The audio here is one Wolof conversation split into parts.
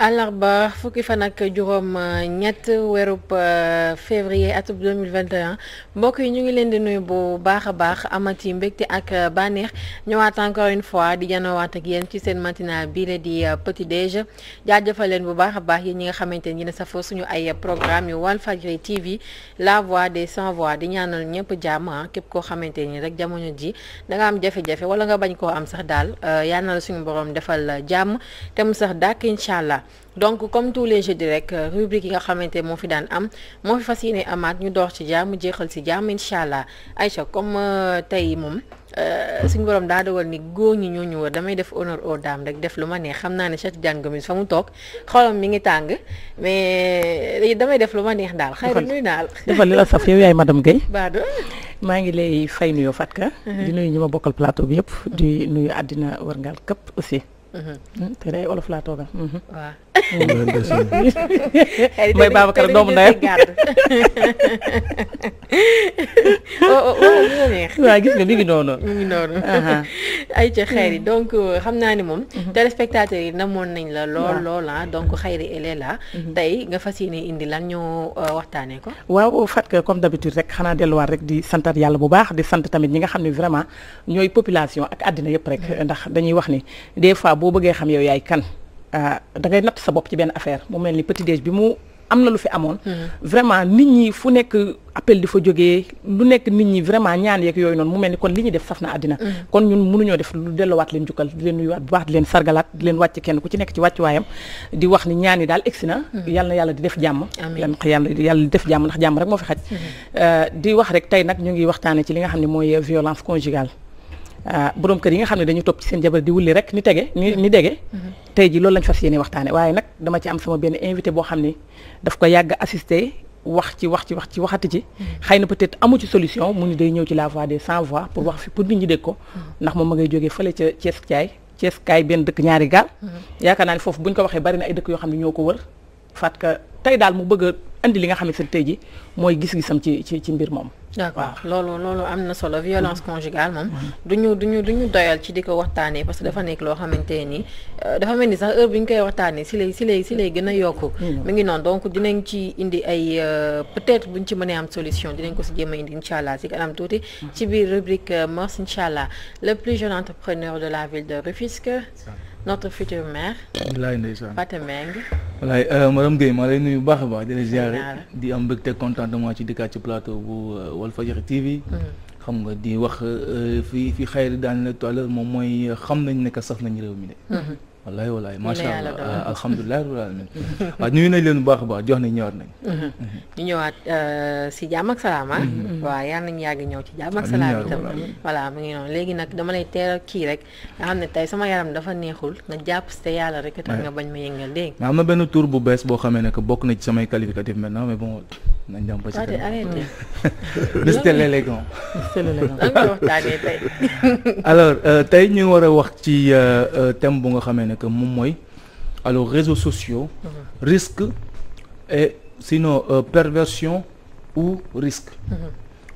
àllarba fukki fan nag juróom ñett weeru weerub euh, février atum 2021 mbokk yi ñu ngi leen di nuyu bu baax a baax amati mbégte ak euh, bànneex ñëwaat encore une fois di janowaat ak yéen ci seen matinal bii di euh, petit déj jaajëfal leen bu baax a baax yéen ñi nga xamante ni ne safoo suñu ay programme yu Walfadjri TV la vois des sans voix di ñaanal ñëpp jàmm ah, képp koo xamante ni rek jamono ji danga am jafe-jafe wala nga bañ koo am sax daal yal na suñu borom defal jàmm te sax dàkk incha allah. donc comme tous les jeudis rek euh, rubrique yi nga xamante moo fi daan am moo fi fas yéene amaat ñu door ci jàmm jeexal ci jàmm incha allah Aïcha comme euh, tey moom euh, suñ borom daa dogal ni góor ñi ñoo ñu damay def honneur aux dames rek def lu ma neex xam naa ne Cheikh Tidiane Gomis fa mu toog xolam mi ngi tàng mais damay def lu ma neex daal. xayru nuyu naa la defal li la saf yow yaay madame Guèye. Badou maa ngi lay fay nuyoo Fatka. Mhm. di nuyu ñi ma bokkal plateau bi yëpp. di nuyu àddina wërngal këpp aussi. Mm-hmm. Hmm, te day olof laa toogal. Mm-hmm. waaw mbay Babacar doomu ndeyam waaw gis nga mi ngi noonu mi ngi noonu ay ca xayri donc xam naa ni moom mhm. téléspectateurs yi na moon nañ la lool loola ah. donc xayri elle est là mhm. tey nga fas yéene indi lan ñoo euh, waxtaanee ko waaw Fatka comme d'habitude rek xanaa delluwaat rek di santat yàlla bu baax di sant tamit ñi nga xam ne vraiment ñooy population ak àddina yëpp rek mhm. ndax dañuy wax ni des fois boo bëggee xam yow yaay kan Euh, da ngay natt sa bopp ci benn affaire mu mel ni petit déj bi mu am na lu fi amoon. vraiment nit ñi fu nekk appel di fa jógee lu nekk nit ñi vraiment ñaan yeeg yooyu noonu mu mel ni kon li ñu def saf na àddina. Mm. kon ñun ñoo def lu delloowaat leen jukkal di leen nuyuwaat bu baax di leen sargalaat di leen wàcc kenn ku ci nekk ci wàccuwaayam di wax ni ñaan yi daal egsi na. Mm. yàlla na yàlla di def jàmm. amiin yàlla yàlla di def jàmm ndax jàmm rek moo fi xaj. Mm-hmm. Euh, di wax rek tey nag waxtaanee ci li nga xam ne mooy violence conjugale. Euh, borom kër yi nga xam ne dañu topp ci seen jabar di wulli rek ni tege ni ni dege mhm. tey ji loolu lañ fas yéene waxtaane waaye nag dama ci am sama benn invité boo xam ne daf ko yàgg assister wax ci wax ci wax ci waxati mhm. na peut-être amu ci solution mu ni day ñëw ci la voix des sans voix pour mhm. wax fi pour nit ñi dégg ko ndax moom ma ngay jógee fële ca Thiès Thiaye benn dëkk ñaari gaal yaakaar naa ne foofu buñ ko waxee bari na ay dëkk yoo xam ne ñoo ko wër faat ka indi li nga xamante ne tey ji mooy gis-gisam ci ci ci mbir moom d'accord loolu loolu am na solo violence mm-hmm. conjugale moom ñu du ñu doyal ci di ko waxtaanee parce que dafa nekk loo xamante nii euh, dafa mel ni sax heure bi ñu koy waxtaanee si lay si lay si lay gën a yokk mu mm-hmm. mm-hmm. ngi noonu donc dinañ ci indi ay euh, peut-être buñ ci mënee am solution dinañ ko si jéem a indi incha allah si kanam tuuti ci biir rubrique euh, mœurs incha allah le plus jeune entrepreneur de la ville de Rufisque notre futur maire Fatou Mbengue walaay euh, madame Guèye maa lay nuyu bu baax a baax di la ziare di am mbégte contentement ci dikkaat ci plateau bu euh, Walfadjri TV. Mm. xam nga di wax euh, fi fi xayri daan la tout à moom mooy xam nañ ne saf nañu réew mi de. Mm-hmm. wallaay wallaay macha allah ah, alhamdulilah rabbil alamin waaw ah, nuyu nañ leen bu baax a baax jox nañ ñëwaat nañ ñu ñëwaat euh, si jàmm ak salaam ah waaw yal nañ yàgg ñëw ci jàmm ak salaam itam voilà mu ngi noonu léegi nag dama lay teel kii rek nga xam ne tey sama yaram dafa neexul nga jàpp si te yàlla rek tax nga bañ ma yëngal dégg nga am na benn tour bu bees boo xamee ne que bokk na ci samay qualificatif maintenant mais bon nañ dem ba ci kanam restez l'élégant alors euh, tey ñu war a wax ci euh, euh, thème bu nga xamee ne que moom mooy alors réseaux sociaux mhm. risque et sinon perversion ou risque mhm.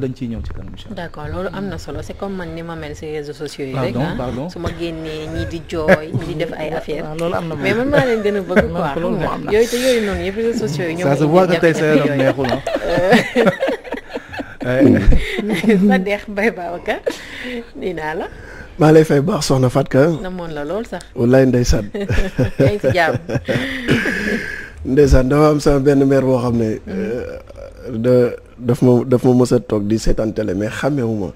loolu dañ ciy ñëw ci kanam d' accord loolu am na solo c' est comme man ni ma mel si réseaux sociaux yi. rek ah su ma génnee ñii di jooy ñii di def ay affaires. am na mais man maa leen gën a bëgg quoi. loolu moo am na euh. Euh, lay fay baax soxna Fatou Ka. namoon la lool sax. walaay ndeysaan. yaa ngi ci jàmm. am sama benn mère boo xam ne. Mm-hmm. Euh, daf ma daf ma mës a toog di seetaan télé mais xàmmeewu ma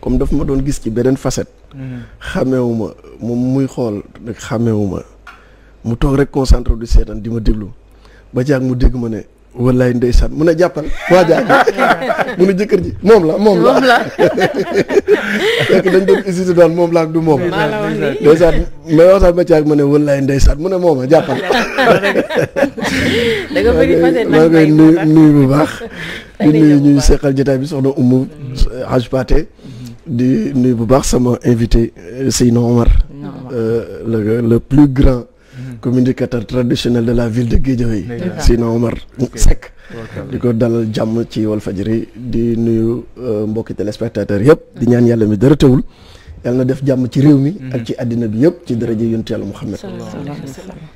comme daf ma doon gis ci beneen facette mhm. xàmmeewu ma moom muy xool rek ma mu toog rek concentré du seetaan di ma déglu ba jaag mu dégg ma ne wallaay ndeysaan mun a jàppal waajaa mun jëkkër ji moom la moom la moom la fekk dañ doon hésité daal moom la du moom ndeysaan mais waxtaan ma ci ak ma ne wallaay ndeysaan mu ne moom a jàppal maa ngi koy nuyu nuyu bu baax di nuyu ñuy seqal jotaay bi soxna Umu euh, Haj Paté di nuyu bu baax sama invité euh, Seydina Omar euh, le le plus grand communicateur traditionnel de la ville de Guédiawaye Sina Omar Seck di ko dalal jàmm ci Walfadjri di nuyu euh, mbokki téléspectateurs yëpp di ñaan yàlla mi dara teewul yàlla na def jàmm ci réew mi mhm. ak ci àddina bi yëpp ci daraja yontu yàlla Muhammad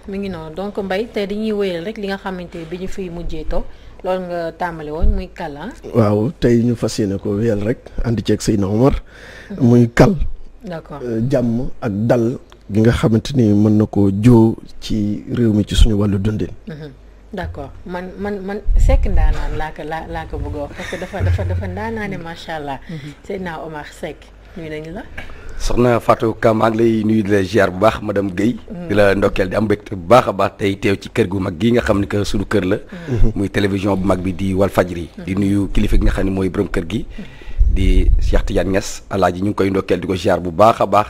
mi ngi noonu donc Mbaye tey dañuy wéyal rek li nga xamante bi ñu fiy mujjee to loolu nga tàmbali woon muy kal ah? waaw tey ñu fas yéene ko wéyal rek ànd ceeg Sina Omar mhm. muy kal euh, jàmm ak dal gi nga xamante ni mën na ko joo ci réew mi ci suñu wàllu dundin. Mhm. d'accord man man man sekk ndaanaan laa ko laa laa ko bëgg a wax parce que dafa dafa dafa ndaanaane macha allah. Mhm. Seydina Omar Seck nuyu nañu la. soxna Fatou Ka maa ngi lay nuyu di la bu baax madame Guèye. Mhm. di la ndokkeel di am mbégte bu baax a baax tey teew ci kër gu mag gii nga xam ne que suñu kër la. muy télévision bu mag bi di Walfadjri. di nuyu kilifa gi nga xam ne mooy borom kër gi. di Cheikh Tidiane Niass alaaji ñu koy ndokkeel di ko ziar bu baax a baax.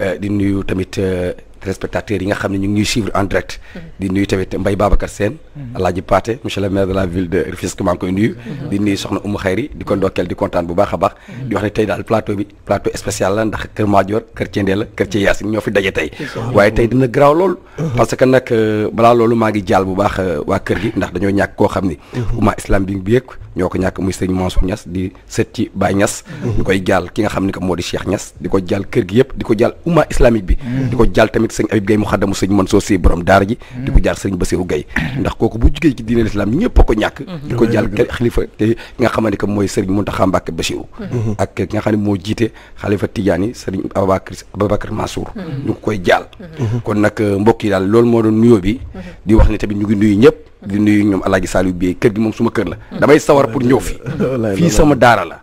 Euh, di nuyu tamit euh, téléspectateurs yi nga xam ne ñu ngi ñuy suivre en direct. di nuyu tamit mbay Mbaye Babacar Sène. Mm-hmm. Alaaji Paate monsieur le maire de la ville de Rufisque maa ngi koy nuyu. Mm-hmm. di nuyu soxna Oumou Khayri di ko ndokkeel di kontaan bu baax a baax. Mm-hmm. di wax ne tey daal plateau bi plateau spécial la ndax Kër Madior Kër Thiendella la Kër Thié Yacine ñoo fi daje tey. waaye tey dina garaaw lool. parce que nag euh, balaa loolu maa ngi jaal bu baax waa kër gi ndax dañoo ñàkk koo xam ni. umma islam bi ngi ñoo ko ñàkk muy sëñ Mansour Niass di sët ci Baye Niass mhm. ñu koy jaal ki nga xam ni que moo di Cheikh Niass di ko jaal kër gi yëpp di ko jaal umma islamique bi mhm. di ko jaal tamit sëñ Habib Gaye mu xaddamu sëñ Mansour Sy borom daara ji di ko mhm. jaal sëñ Bassirou Gaye ndax kooku bu jugee ci diine l'islam ñëpp a ko ñàkk di ko jaal xalifa te ki nga xam ne que mooy sëriñ Mountakha Mbacké Bassirou ak ki nga xam ne moo jiite xalifa Tidiane sëriñ Ababacar Ababacar Mansour ñu ko koy jaal kon nag mbokk daal loolu moo doon nuyoo bi di wax ne tamit ñu ngi di nuyu ñoom alaaji Saliou Bieye kër gi moom suma kër la damay sawar pour ñëw fi fii sama daara la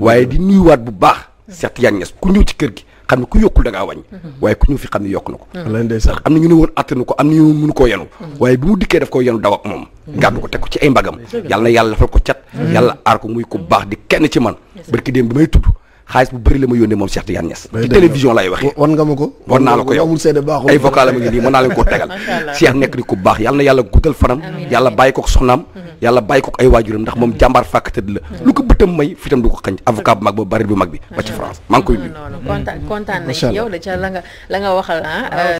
waaye di nuyuwaat bu baax Cheikh Tidiane Niass ku ñëw ci kër gi xam ne ku yokkul da ngaa wàññi waaye ku ñëw fi xam ne yokk na ko ndax am na ñu ne woon attanu ko am na ñu mënu koo yenu mm. waaye bi mu dikkee daf ko yenu daw ak moom mm. gàddu ko teg ko ci ay mbagam yàlla na yàlla defal ko cat mm. yàlla aar ko muy ko baax di kenn ci man barki démb bi may tudd xaalis bu bëri la ma yónnee moom Cheikh Tidiane Niass ci télévision lay waxee wan nga ma ko wan naa la ko yow ay vocal am ngi nii mën naa leen koo tegal Cheikh nekk di ku baax yàlla yàlla guddal fanam yàlla bàyyi ko soxnaam mhm. yàlla bàyyi ko ay waajuram ndax moom jàmbaar fàkk tëdd la mhm. lu ko bëtam may fitam du ko xañ avocat mag ba bari bu mag bi ba ci mhm. France koy nuyu kontaan kontaan nañ yow la ca la nga waxal ah, ah. Euh,